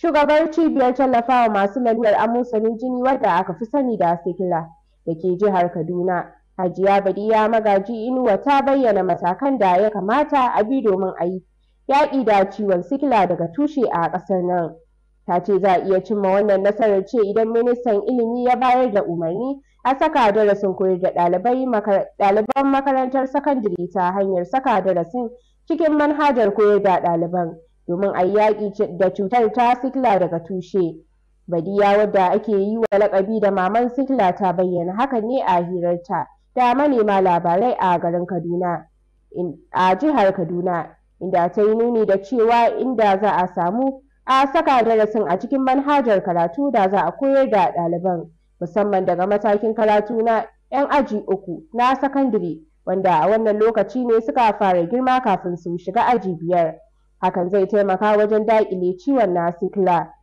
shugabar cibiyar tallafawa masu lalurar amusanin jini wadda aka fi sani da sikila da ke jihar kaduna hajiya badiya magaji inuwa ta bayyana matakan da ya kamata a bi domin a yi yaƙi da ciwon sikila daga tushe a ƙasar nan ta ce za a iya cimma wannan nasarar ce idan ministan ilimi ya bayar da umarni a saka darasin koyar da ɗaliban makarantar sakandare ta hanyar saka darasin cikin manhajar koyar da ɗaliban domin a yaƙi da cutar ta sikila daga tushe. Badiya wadda ake yi wa lakabi da maman sikila ta bayyana haka ne a hirarta da manema labarai a garin Kaduna a jihar Kaduna inda ta yi nuni da cewa inda za a samu a saka darasin a cikin manhajar karatu da za a koyar da ɗaliban musamman daga matakin karatu na 'yan aji uku na sakandare wanda a wannan lokaci ne suka fara girma kafin su shiga aji biyar. hakan zai taimaka wajen daƙile ciwon na kila.